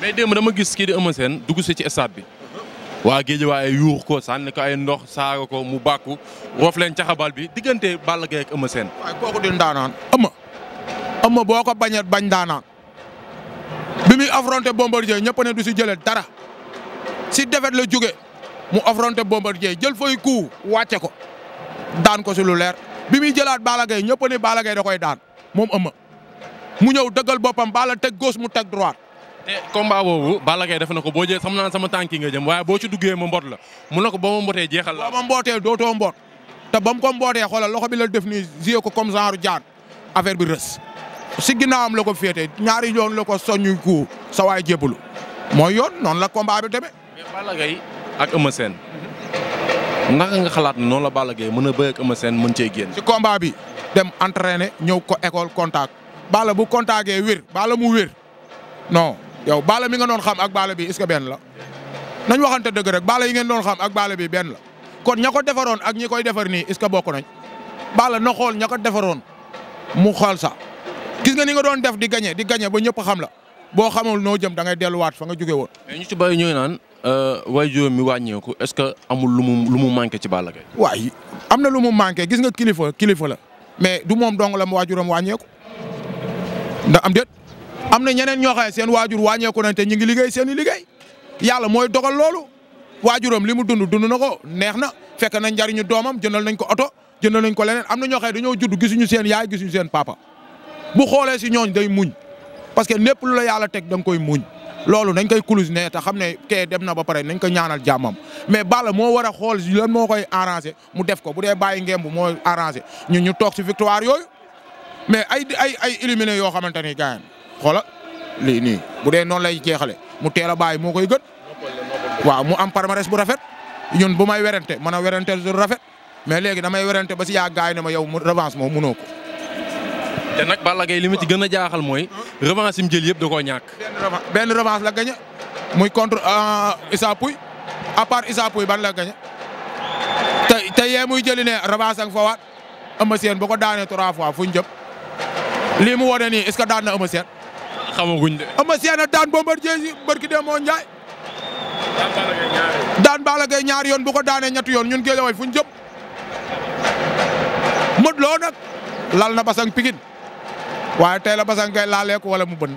mais démb ma gis kii di Eumeu Sène dugg si ci stade bi waa géej waaye yuux ko sànni ko ay ndox saaga ko mu bàkku roof leen caxabal bi diggante Balla Gaye ak Eumeu Sène. waaye kooku di ndaanaan Eumeu Eumeu boo ko bañee bañ ndaanaan bi muy affronté Bombardier ñëpp ne du si jëlee dara si defet la jóge mu affronté Bombardier jël fay ku wàcce ko daan ko si lu leer bi muy jëlaat Balla Gaye ñëpp ne Balla Gaye koy daan moom Eumeu mu ñëw dëggal boppam Balla teg gauche mu teg droite. te eh, combat boobu Balla def na ko boo jëlee xam naa sama tànk yi nga jëm waaye boo ci duggee ma mboot la mu ne ko ba ma mbootee jeexal la. boo ma mbootee dootoo mboot te ba mu ko mbootee xoolal loxo bi la def nii gisee ko comme genre jaar affaire bi rës si ginnaawam la ko féete ñaari yoon la ko soññu ko sa waay mooy yoon noonu la combat bi demee. mais Balla ak Eumeu naka nga xalaat ne noonu la Balla mën a bëre ak Eumeu mën cee génn. si combat bi dem entraîner ñëw ko école contact Balla bu contactee wér Balla mu yow baala mi nga doon xam ak baala bi est benn la nañ waxante dëgg rek baala yi ngeen doon xam ak baala bi benn la kon ña ko defaroon ak ñi koy defar nii est-ce que bokk nañ baala na xool ña ko defaroon mu xool sax gis nga ni nga doon def di gagné di gagné ba ñëpp xam la boo xamul noo jëm da ngay delluwaat fa nga jóge woon. mais ñu ci bàyyi ñooy naan euh, waaye juróom mi wàññeeku est-ce que amul lu mu lu mu manqué ci Balla Gaye. waaye am na lu mu manqué gis nga kilifa kilifa la mais du moom dong la mu waajuram wàññeeku ndax am déet am na ñeneen ñoo seen waajur wàññeeku nañ te ñu ngi liggéey seen i liggéey yàlla mooy dogal loolu waajuram li mu dund dund na ko neex na fekk nañ njariñu doomam jëndal nañ ko oto jëndal nañ ko leneen am na ñoo xam ne dañoo judd gisuñu seen yaay gisuñu seen papa bu xoolee si ñooñ day muñ parce que lépp lu la yàlla teg da nga koy muñ loolu nañ koy kulus ne te xam ne kee dem na ba pare nañ ko ñaanal jàmmam mais Balla moo war a xool lan moo koy arrangé mu def ko bu dee bàyyi ngemb moo arrangé ñun ñu toog si victoire yooyu mais ay ay ay éliminé yoo xamante ni gars xoola lii nii bu dee noonu lay jeexale mu teel a bàyyi moo koy gën waaw mu am palmarès bu rafet ñun bu may werante mën a werante du rafet mais léegi damay werante ba si yaa gaay ne ma yow mu revanche moom mënoo ko. te nag Balla Gaye li ma ci gën a jaaxal mooy revanche yi mu jël yëpp da koo ñàkk. benn revanche la gañe muy contre euh, Issa Pouye à part Issa Pouye ban la gañe te te yee muy jëli ne revanche ak fawaat Eumeu Sène bu ko daanee trois fois fu ñu jëm lii mu wone nii est ce que daan na Eumeu xamaguñ de. Eumeu Sène daan Bombardier ji barki de moo Ndiaye. daan Balla Gaye ñaari yoon bu ko daanee ñetti yoon ñun Guédiawaye fu ñu jëm. Modou Lo nag lal na basang Pikine waaye tey la basang kay laalee ko wala mu bën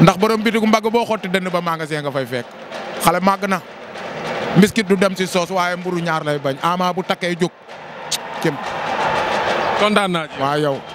ndax borom bitigu mbagg boo xotti dënn ba magasin nga fay fekk xale màgg na mbiskit du dem si soos waaye mburu ñaar lay bañ ama bu takkee jóg cim kontaan naa waaw yow